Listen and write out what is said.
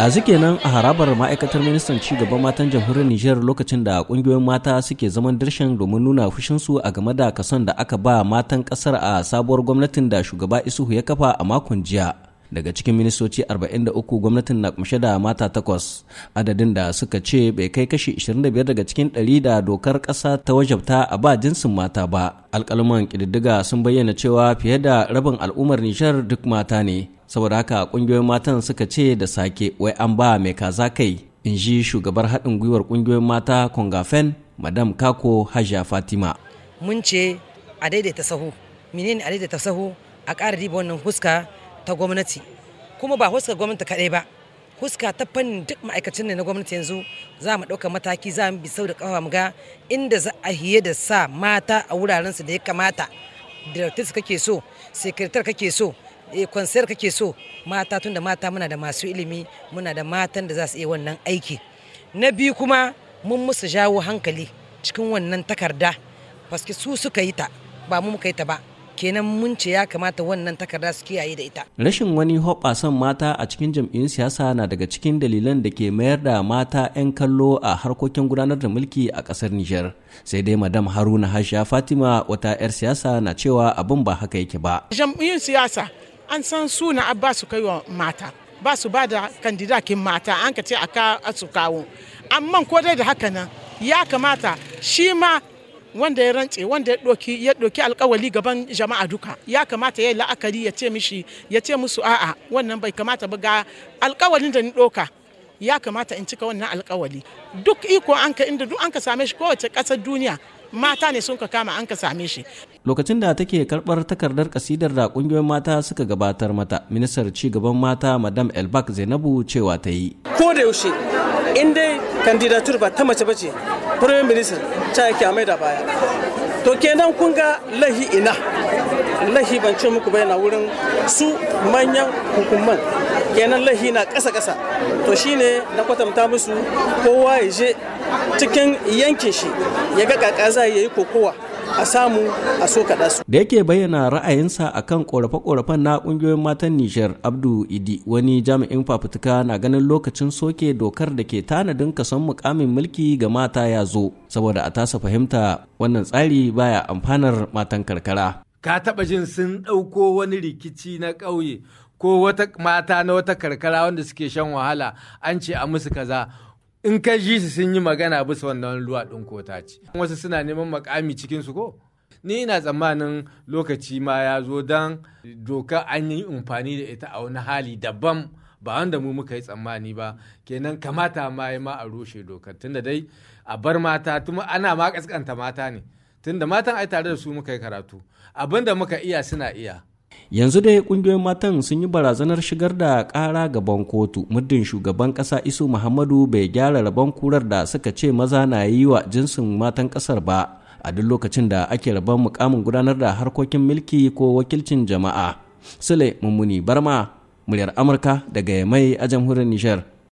ɗazu kenan a harabar ma'aikatar ministan ci gaban matan jamhuriyar nijar lokacin da ƙungiyoyin mata suke zaman dirshan domin nuna fushinsu a game da kason da aka ba matan ƙasar a sabuwar gwamnatin da shugaba isuhu ya kafa a makon jiya daga cikin ministoci 43 gwamnatin na kumshe da mata takwas adadin da suka ce bai kai kashi 25 daga cikin 100 da dokar ƙasa ta wajabta a ba jinsin mata ba alƙalman ƙididdiga sun bayyana cewa fiye da rabin al'ummar nijar duk mata ne saboda haka kungiyoyin matan suka ce da sake wai an ba mai kaza kai in ji shugabar haɗin gwiwar kungiyoyin mata kongafen madam kako hajja fatima mun ce a daidaita sahu menene a daidaita sahu a ƙara riba wannan huska ta gwamnati kuma ba huska gwamnati kaɗai ba huska ta fannin duk ma'aikacin da na gwamnati yanzu za mu ɗauka mataki za mu bi sau da ƙafa mu ga inda za a hiye da sa mata a wurarensu da ya kamata directors kake so sekretar kake so kwansiyar eh, kake so mata tun da mata muna da masu ilimi muna da matan da za su iya wannan aiki na biyu kuma mun musu jawo hankali cikin wannan takarda paske su suka yi ta ba mu muka yi ta ba kenan mun ce ya kamata wannan takarda su kiyaye da ita rashin wani hoɓasan mata a cikin jam'iyyun siyasa na daga cikin dalilan da ke mayar da mata 'yan kallo a harkokin gudanar da mulki a ƙasar nijar sai dai madam haruna hasha fatima wata 'yar siyasa na cewa abin ba haka yake ba jam'iyyun siyasa an san suna na su kai wa mata ba su ba da kandidakin mata an ka ce a su kawo amma ko dai da haka nan ya kamata shi ma wanda ya rantse wanda ya doki alkawali gaban jama'a duka ya kamata ya yi la'akari ya ce mishi ya ce musu a'a wannan bai kamata ba ga alkawalin da ni doka ya kamata in cika wannan alkawali duk iko an ka inda duk an ka same shi kowace ƙasar duniya mata ne sun ka kama an ka same shi lokacin da take karbar takardar kasidar da kungiyoyin mata suka gabatar mata ministar ci gaban mata madam elbak zainabu cewa ta yi ko da yaushe in dai kandidatur ba ta mace bace prime minister ta yake mai da baya to kenan kun ga lahi ina lahi ban ce muku ba yana wurin su manyan hukuman kenan lahi na kasa kasa to shine na kwatanta musu kowa ya je cikin yankin shi ya ga kaka za yi kokowa a samu a so kaɗa su. Da yake bayyana ra'ayinsa a kan ƙorafe korafen na ƙungiyoyin matan Nijar Abdu Idi wani jami'in fafutuka na ganin lokacin soke dokar da ke tanadin kason mukamin mulki ga mata ya zo saboda a tasa fahimta wannan tsari baya amfanar matan karkara. Ka taɓa jin sun ɗauko wani rikici na ƙauye ko wata mata na wata karkara wanda suke shan wahala an ce a musu kaza. in ka ji su sun yi magana bisa wannan luwaɗin ko ta ce wasu suna neman makami cikin su ko ni ina tsammanin lokaci ma ya zo don doka an yi amfani da ita a wani hali daban ba wanda mu muka yi tsammani ba kenan kamata ma yi ma a rushe dokar tunda dai a bar mata tuma ana ma kaskanta mata ne tunda matan ai tare da su muka yi karatu abinda muka iya suna iya yanzu dai kungiyoyin matan sun yi barazanar shigar da ƙara gaban kotu muddin shugaban ƙasa isu muhammadu bai gyara rabon kurar da suka ce maza na yi wa jinsin matan ƙasar ba a duk lokacin da ake rabon mukamin gudanar da harkokin mulki ko wakilcin jama'a sule mummuni barma muryar amurka daga mai a jamhuriyar nijar